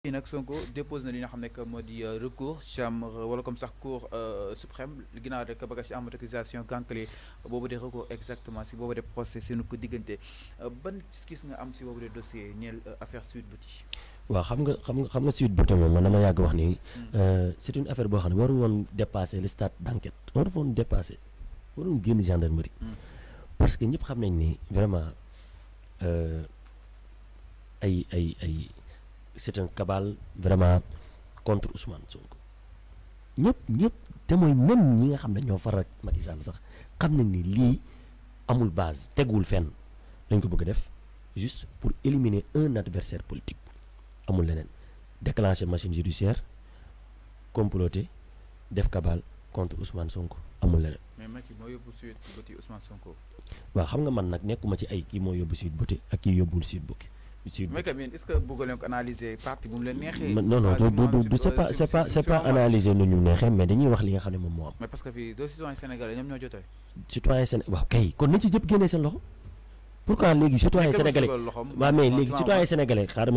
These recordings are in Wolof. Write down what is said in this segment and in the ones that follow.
i nag Sonko dépose na li nga xamné que modi euh, recours chambre euh, wala comme sax cour euh, suprême ginnaaw rek ba nga si am accusation gànkale bobu de recours exactement si bobu de procès seenu ko diggante ban gis nga am ci bobu de dossier ñeel affaire suite Beauty waaw xam nga xam nga xam nga suite Beauty moom dama yag wax ni hmm. c'est une affaire bo xamné ne waru woon dépasser le stade d'enquête waru won dépasser waru woon génn gendarmerie hmm. parce que ñep xam nañ ni vraiment ay ay ay c'est un cabal vraiment contre Ousmane Sonko ñëpp ñëpp même ñi nga xam ñoo Macky Sall sax ni li amul base teguwul fenn lañ ko bëgg def juste pour éliminer un adversaire politique amul leneen déclencher machine judiciaire comploter def cabal contre Ousmane Sonko amul mais Macky mo dit Ousmane Sonko. wa xam nga man nak nekkuma ci ay mais est-ce que vous voulez analyser parti non non c'est pas analyser nu mais dañuy wax li nga mais parce que citoyens sénégalais ñoom ñoo citoyen sénégalais kay kon mais ci pourquoi les citoyens sénégalais mais les sénégalais les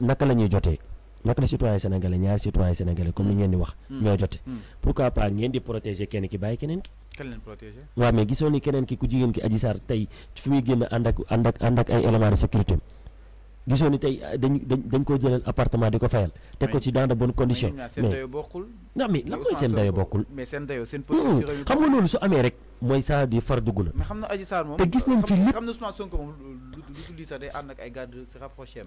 ma sénégalais naka la citoyen sénégalais ñaari citoyen mm. mm. mm. kenn ki bàyyi keneen ki. kan leen protéger. waaw mais gisoo ni keneen ki ku jigéen ki Adji Sarr tey koo jëlal appartement di ko ko ci dans de bonnes conditions. mais seen dayoo bokkul. non mais lan mooy seen dayoo bokkul. Hmm, xam nga loolu su amee rek. mooy saa di far dugg la. mais xam na Adji Sarr moom. te gis nañ fi lépp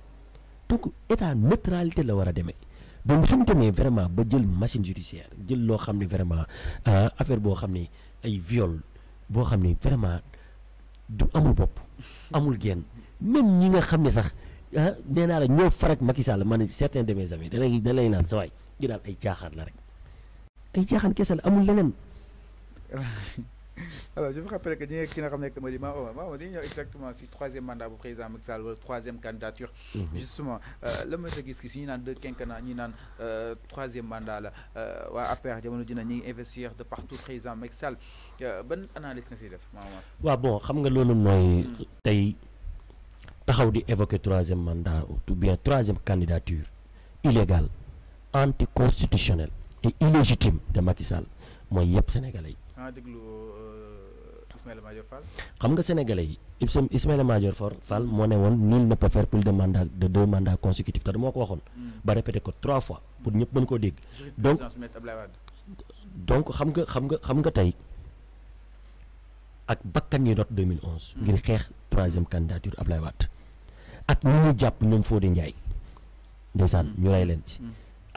donc état neutralité la war a demee donc suñu demee vraiment ba jël machine judiciaire jël loo xam ne vraiment ah, affaire boo xam ne ay viol boo xam ne vraiment du amul bopp amul genn même ñi nga xam ne sax ah nee naa la ñoo farak Macky Sall man certains de mes amis da da lay naan sawaay ñu daal ay caaxaan la rek ay caaxaan kese amul leneen. alors je vous rappelle que ñi nga ki nga xam exactement si troisième mandat bu président Macky Sall troisième candidature mhm. justement euh, Le monsieur qui gis gis ñi naan deux quinquennats euh, troisième mandat après euh, waa APR jamono ji na investir de partout président Macky Sall Ben analyse nga si def bon xam nga loolu mooy tey taxaw di évoquer troisième mandat ou bien troisième candidature illégale anticonstitutionnelle et illégitime de Macky Sall je yëpp sénégalais xanaa déglu euh, Ismaïla Madior Fall. xam nga sénégalais yi Ibsen Ismaïla Madior moo ne woon nul ne peut faire de mandat de deux mandats consécutifs te moo ko waxoon. Hmm. ba répété ko trois fois pour ñëpp mën koo dégg. donc xam nga xam nga xam nga tey ak bakkan yi rot 2011. Hmm. ngir xeex troisième candidature Ablaye Wade ak ñi ñu jàpp ñoom Fodé Ndiaye. ndeysaan hmm. ñu rey leen ci.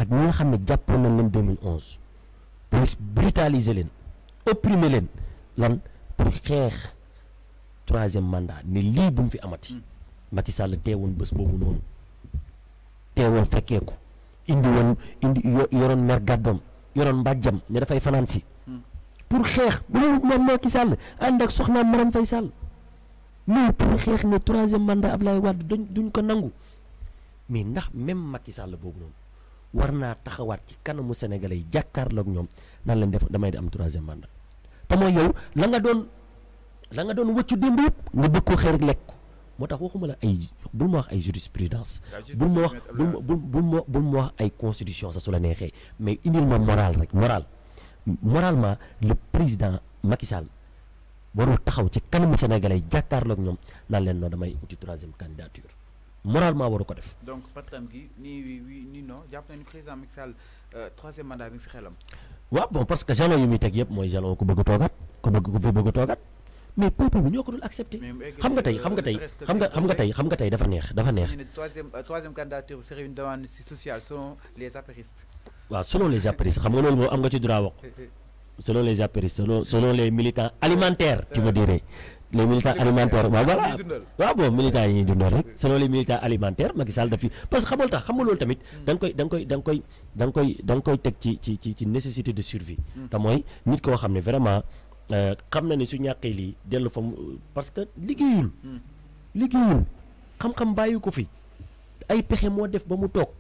ak ñi xam ne jàppoon nañ leen 2011. police leen. opprimer leen lan pour xeex troisième mandat ne lii bu mu fi amati. Hmm. Macky sàll teewoon bés boobu noonu teewoon fekkee ko indi woon yoroon mer gàddoom yoroon mbàjjam ne dafay fanaan si. Hmm. pour xeex bu loolu moom Macky Sall ànd ak soxnaam Marème Faye Sall mais pour xeex ne troisième mandat Ablaye Wade duñ duñ ko nangu mais ndax même Macky Sall boobu noonu war naa taxawaat ci kanamu sénégalais yi jàkkaarloog ñoom nan lañ def damay di am troisième mandat. amoo yow la nga doon la nga doon wëccu démb yëpp nga bëgg ko xeer lekk ko moo tax waxuma la ay bul ma wax ay jurisprudence bul ma wax bul bul bul ma wax ay constitution sa su neexee mais indil ma moral rek moral moralement le président Macky Sall warul taxaw ci kanamu sénégal sénégalais jàkkaarloog ñoom naan leen noo damay uti troisième candidature moralement waru ko def. donc partam gi nii jàpp nañu président Macky Sall euh, troisième mandat xelam. waaw bon parce que jalon yi muy teg yëpp mooy jalon ku bëgg a toogaat ku bëgg ku fi bëgg a toogaat mais peuple bi ñoo ko dul accepté xam nga tey xam nga tey xam nga xam nga tey xam nga tey dafa neex dafa neex troisième euh, troisième candidature serait une demande sociale les apéristes waaw selon les apéristes xam nga loolu moom am nga ci droit wax selon les apéristes selon selon les militants alimentaires tu me dirais les militants alimentaires bah, waaw voilà waaw bon militants yi ñuy dundal rek selon les militants alimentaires Macky Sall daf fi parce que tax xamul loolu tamit hmm. dang koy dang koy dang koy dang koy dang koy tek ci ci ci nécessité de survie hmm. ta moy nit ko xamné vraiment euh, xam na ni su ñàkkee li delu fam parce que liggéeyul hmm. liggéeyul xam-xam bayu ko fi ay pexé mo def ba mu tok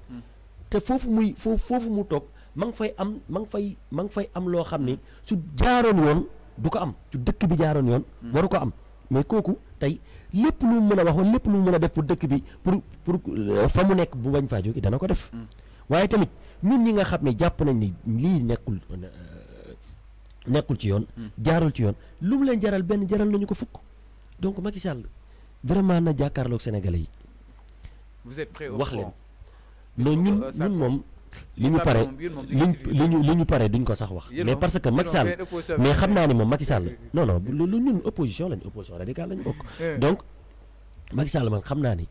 te fofu muy fofu mu tok mang fay am mang fay mang fay am lo xam su jaaroon won du ko am su dëkk bi jaaroon yoon waru ko am mais kooku tey lépp lu mu mën a wax wala lépp lu mu mën a def pour dëkk bi pour pour euh, fa mu nekk bu bañ faa jóge dana ko def. Mm. waaye tamit ñun ñi nga xam ne jàpp nañ ni lii nekkul euh, nekkul ci yoon. Mm. jaarul ci yoon lu mu leen jaral benn jaral nañu ko fukk donc Macky Sall vraiment na jàkkaarloog sénégalais yi. vous wax leen non ñun euh, moom. li ñu pare li ñu li ñu pare duñ ko sax wax mais parce que Macky Sall mais xam naa ni moom Macky Sall non non lu ñun opposition lañ opposition radicale lañ bokk eh. donc Macky man xam naa ni eh.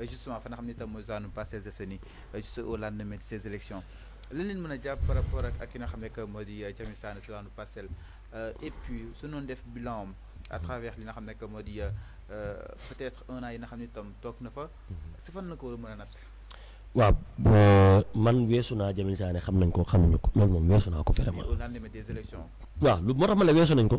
Euh, justement fa nga xamni tam itam mooy zone Parcelles Assainies euh, juste au lendemain de ces élections lan leen mën japp par rapport ak ak ki nga xam que modi euh, jami sane Sané si wàllu parcelle et puis su non def bilan am à mhm. travers li nga xam que modi euh peut-être un an yi nga xamni tam tok na fa mhm. si fan na ko war nat wa man wessuna jami sane Sané xam nañ ko xamuñu ko loolu moom weesu naa ko vraiment au lendemain des élections wa lu motax ma ne weesu nañ ko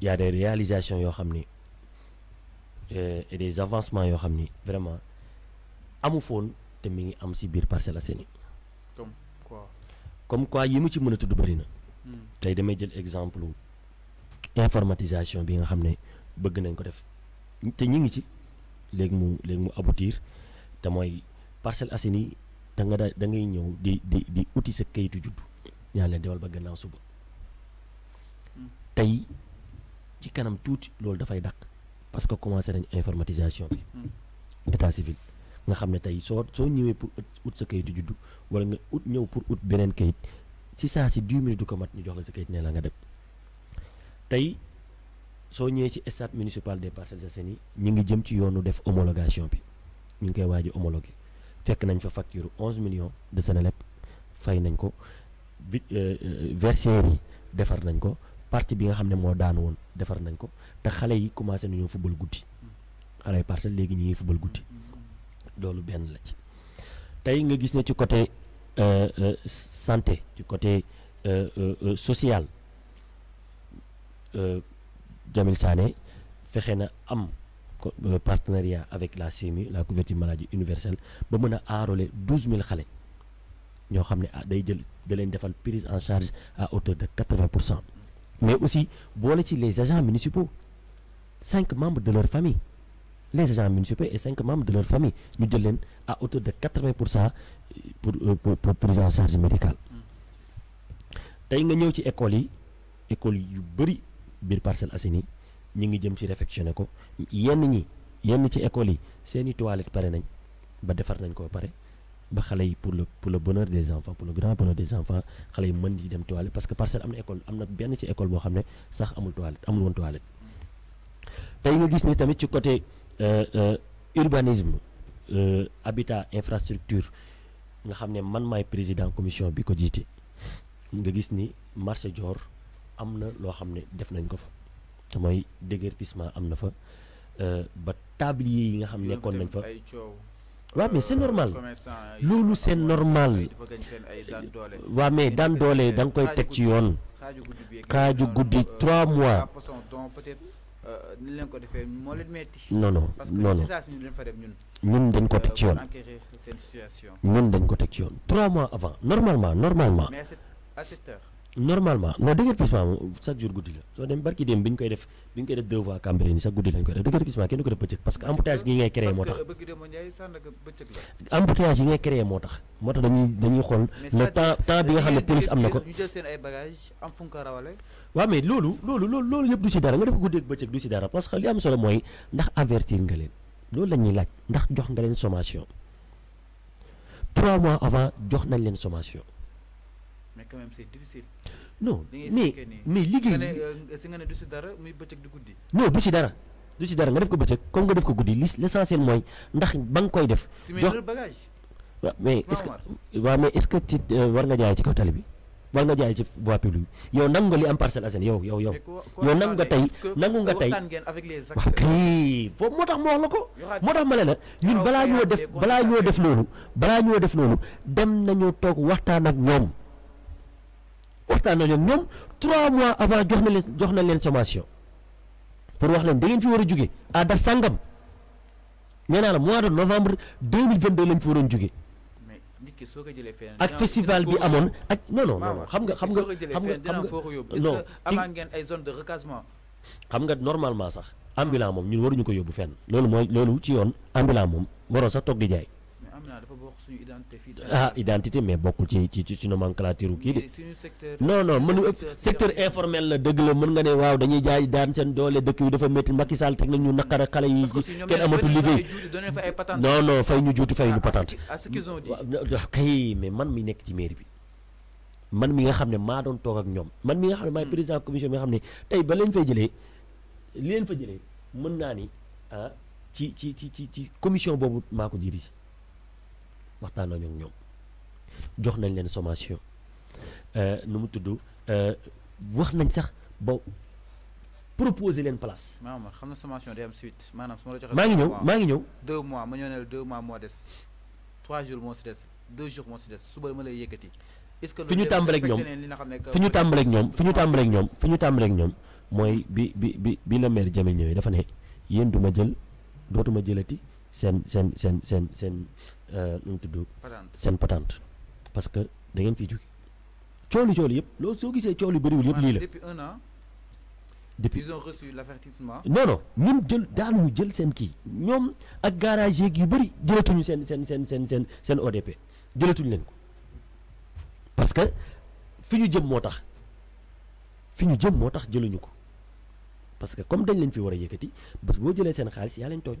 y a des réalisations yo xamni euh, et des avancements yo xamni vraiment amu foon te mi ngi am ci bir parcelle assini comme quoi comme quoi yimu ci meuna tuddu bari bëri na. Hmm. tay demay jël exemple informatisation bi nga xamné bëgg nañ ko def te ñi ngi ci léegi mu léegi mu aboutir te moy parcelle assini da nga da ngay ñëw di di di uti sa kayitu juddu ñaan leen demal ba gannaaw suba hmm. tay ci kanam tuuti da fay dak parce que commencé nañ informatisation bi hmm. état civil nga xamné tay so soo soo pour out sa kayitu juddu wala nga out ñëw pour out benen kayit ci sa ci 10 minutes du ko mat ñu jox la sa kayit ne la nga dem tay so ñëwee ci état municipal des Parcelles Assainies ñi ngi jëm ci yoonu def homologation bi ñu ngi koy waaj a fekk nañ fa facture 11 millions de Senelec fay nañ ko vi euh, euh, yi defar nañ ko parti bi nga xam ne moo daan woon defar nañ ko te xale yi commencé nañoo football guddi xale yi parcelle léegi ñu ngi football guddi loolu benn la ci tey nga gis ne ci côté euh, euh, santé ci côté euh, social Jamil Sané fexe na am partenariat avec la CMU la couverture maladie universelle ba mën a enrôler douze mille xale ñoo xam ne ah day jël da leen defal prise en charge à hauteur de quatre-vingt pour cent mais aussi boole ci les agents municipaux cinq membres de leur famille les agents municipaux et cinq membres de leur famille ñu jël à hauteur de 80 pour cent euh, euh, pour pour prise en charge médicale tey nga ñëw ci écoles yi écoles yu bëri biir Parcelles Assainies ñi ngi jëm ci réfectionné ko yenn ñi yenn ci écoles yi seeni toilettes pare nañ ba defar nañ ko pare ba pour le pour le bonheur des enfants pour le grand bonheur des enfants xale yi dem toilette parce que parcelle am na école amne bien benn école bo hamne ne sax amul toilette amul woon toilette. tey nga gis ni tamit ci côté euh, euh, urbanisme euh, habitat infrastructure nga xam man may président commission bi ko jiite nga gis ni marché Dior am lo loo xam ne def nañ ko fa te mooy déguerpissement am na tablier yi nga fa wa mais c'est normal nous hein, c'est normal wa mais dans protection. da nga koy teg ci goudi euh, trois mois euh, non non non non non dañ ko teg non euh, trois mois avant normalement normalement normalement non déguerpissement pisma sa jour guddi la soo dem barki dem bi ñu koy def bi ñu koy def deux fois Cambérène ni chaque guddi lañ koy def déguerpissement kenn ko def bëccëg parce que embouteillage gi ngay créé moo tax euh, embouteillage yi ngay créé moo tax dañuy dañuy xool le temps temps bi nga xam ne police am na ko waaw mais loolu loolu loolu loolu yëpp du si dara nga def ko guddi ak bëccëg du si dara parce que li am solo mooy ndax avertir nga leen loolu la laaj ndax jox nga sommation mois avant jox nañ sommation mais quand même c'est difficile. non mais mais liggéey bi euh, si nga ne du si dara muy bëccëg di guddi. non du si dara du si dara nga def ko bëccëg comme nga def ko guddi li l'essentiel mooy ndax ba nga koy def. jox waaw mais est-ce que waaw mais est-ce que ci war nga jaay ci kaw tali bi war nga jaay ci voie publique yow nangu nga li am Parcelles Assainies yow yow yow yow nangu nga tey nangu nga tey waaw kay foofu moo tax ma wax la ko moo tax ma ne la ñun balaa ñoo def balaa ñoo def loolu balaa ñoo def loolu dem nañu toog waxtaan ak ñoom waxtaan nañu ak ñoom trois mois avant jox na leen jox na leen sommation pour wax leen da ngeen fi war a jóge à daf sàngam nee naa la mois de novembre 2022 lañ fi waroon jóge ak festival bi amoon ak non non non xam nga xam nga xam nga non avant ngeen ay zone de recasement xam nga normalement sax ah. ambulant moom ñun waruñu ko yóbbu fenn loolu mooy loolu ci yoon ambulant moom waroo sax toog di jaay Amina dafa bokk suñu identité fii ah identité mais bokkul ci ci ci nomenclature kii de. non non mënu secteur informel la dëgg la mën nga ne waaw dañuy jaay daan seen doole dëkk bi dafa métti Macky Sall teg na ñu xale yi kenn amatul liggéey non fay ñu juuti fay ñu patente kay mais man mi nekk ci mairie bi man mi nga xam ne maa doon toog ak ñoom man mi nga xam ne maay hmm. président commission bi nga xam ne tey ba leen fay jëlee li leen fa jëlee mën naa ni ah ci ci ci ci ci commission boobu maa ko dirige waxtaan nañu ak ñoom jox nañ leen sommation euh, nu mu tudd euh, wax nañ sax ba proposer leen place. waaw man xam na sommation day am suite maanaam su ma la joxee. maa ngi ñëw maa ngi ñëw. deux mois ma ñëw mois moo des trois jours moo si des moo si des suba ma lay yëkkati. est-ce que fi ñu tàmbaleeg ñoom fi ñu tàmbaleeg ñoom fi ñu tàmbaleeg ñoom fi ñu tàmbaleeg ñoom mooy bi bi bi bi la maire Jamil ñëwee dafa ne yéen du ma jël dootuma jëlati. seen seen seen seen seen euh, nu mu tudd seen patente parce que da ngeen fiy jóge cooli cooli yëpp loolu soo gisee cooli bëriwul yëpp lii la depuis un an depuis ils ont reçu l'avertissement non non ñun jël daanuñu jël seen kii ñoom ak garage yeeg yu bëri jëlatuñu seen seen seen seen seen seen ODP jëlatuñu leen ko parce que fi ñu jëm moo tax fi ñu jëm moo tax jëluñu ko parce que comme dañ leen fi war a yëkkati bés boo jëlee seen xaalis yaa leen tooñ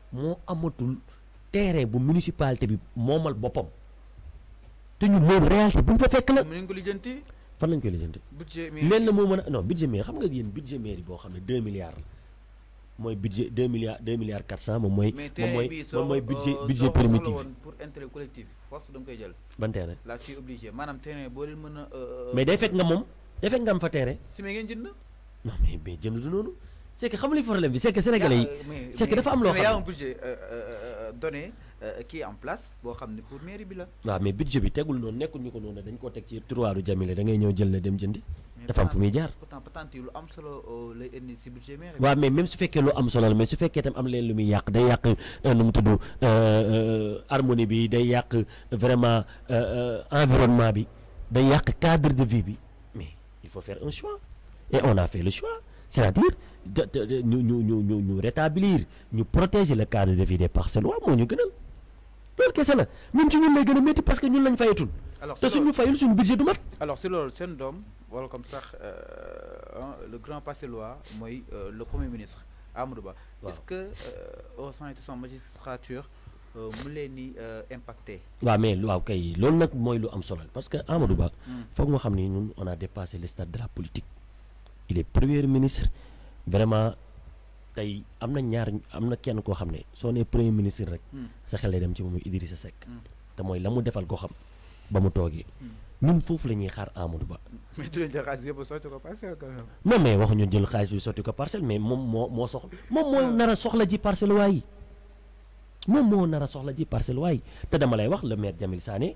mo amatul terrain bu municipalité bi momal bopam té ñu loolu réalité bu ñu fa fekk la. mu ko lijjanti. fan lañ koy lijjanti. budget mairie lenn non budget mairie xam nga yeen budget mairie bo xamné 2 milliards moy budget 2 milliards 2 milliards 400 mom moy mom moy mooy moom budget budget primitif pour intérêt collectif force dang koy jël. ban terrain la ci obligé manam terrain bo leen mën euh, mais day fekk nga mom day fekk nga am fa terrain. si mais ngeen jënd. non mais mais jënd du nonou C'est que le problème, c'est que Sénégalais, c'est que les femmes Il y a un budget donné qui est en place pour mairie. Non, mais budget, c'est que nous avons un côté qui est trop à Jamil, nous avons un dem jëndi dafa am fu muy jaar pourtant patente lu am solo lay indi si budget mairie waaw mais même su fekkee lu am solo la mais su fekkee tam am leen lu muy yàq day yàq nu mu tudd harmonie bi day yàq vraiment environnement bi day yàq cadre de vie bi mais il faut faire un choix et on a fait le choix c'est-à-dire ñu ñu ñu ñu nous rétablir ñu protéger le cadre de vie des Parcellois moo ñu gënal loolu kese la ñun ci ñun lay gën a parce que ñun lañ fayatul. alors te suñu fayul suñu budget du mat. alors c'est loolu seen doom wala comme sax euh, hein, le grand Parcellois mooy euh, le premier ministre Amadou est-ce que euh, au sein de son magistrature mu leen impacté. waaw mais waaw kay loolu nag moi lu am solo parce que Amadou Ba. Hmm. foog nga xam nous ñun on a dépassé le stade de la politique. il est ministre vraiment tey am na ñaar am na kenn koo xam ne soo nee premier ministre rek. Hmm. sa xel lay dem ci moom Idrissa Seck. Hmm. te mooy la mu defal ko xam ba mu toogee. Hmm. ñun foofu la ñuy xaar Amadou Ba. mais dinañ jël xaalis yëpp sotti ko parcelle. non mais jël xaalis bi sotti ko parcelle mais moom moo moo soxla moom moo ah. nar a soxla ji parcelle waayi moom moo nar a soxla ji parcelle waayi te dama lay wax le maire Jamil Sané.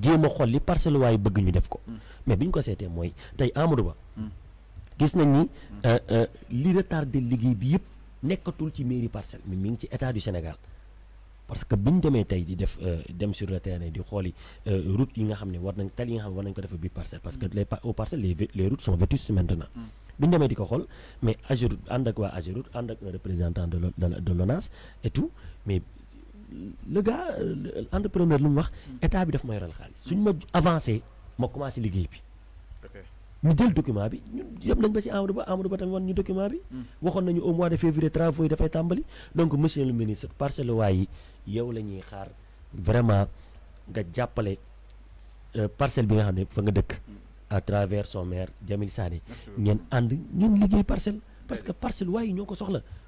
jéem a xool li parcelle waaye bëgg ñu def ko. Mm. mais bi ñu ko seetee mooy tey Amadou Ba. Mm. gis nañ ni mm. euh, euh, li retardé liggéey bi yëpp nekkatul ci mairie parcelle mi mu ngi ci état du Sénégal. parce que bi ñu demee tey di def euh, dem sur le terrain di xooli route yi nga xam ne war nañ tal yi nga xam ne war nañ ko defee biir parcelle parce que les aux parcelles les les routes sont vétustes maintenant. bi ñu demee di ko xool mais AGEROUTE ànd ak waa AGEROUTE ànd ak représentant de de l'ONAS et tout mais. le gars euh, entrepreneur lu wax hmm. état bi daf ma ral xaliss suñ ma avancer ma commencer liguey bi ñu jël document bi ñun yëm nañ ba ci Amadou Ba Amadou Ba tam won ñu document bi hmm. waxon nañu au mois de février travaux yi da fay tambali donc monsieur le ministre parcelle way yi yow lañuy xaar vraiment nga jappalé euh, parcelle bi nga xamné fa nga dëkk hmm. à travers son maire Jamil Sané ñen and ngeen liguey parcelle parce que parcelle way ñoko soxla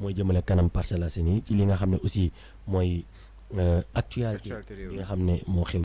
mooy jëmale kanam Parcelles Assainies ci li nga xam ne aussi mooy euh, actualité li nga xam ne moo xew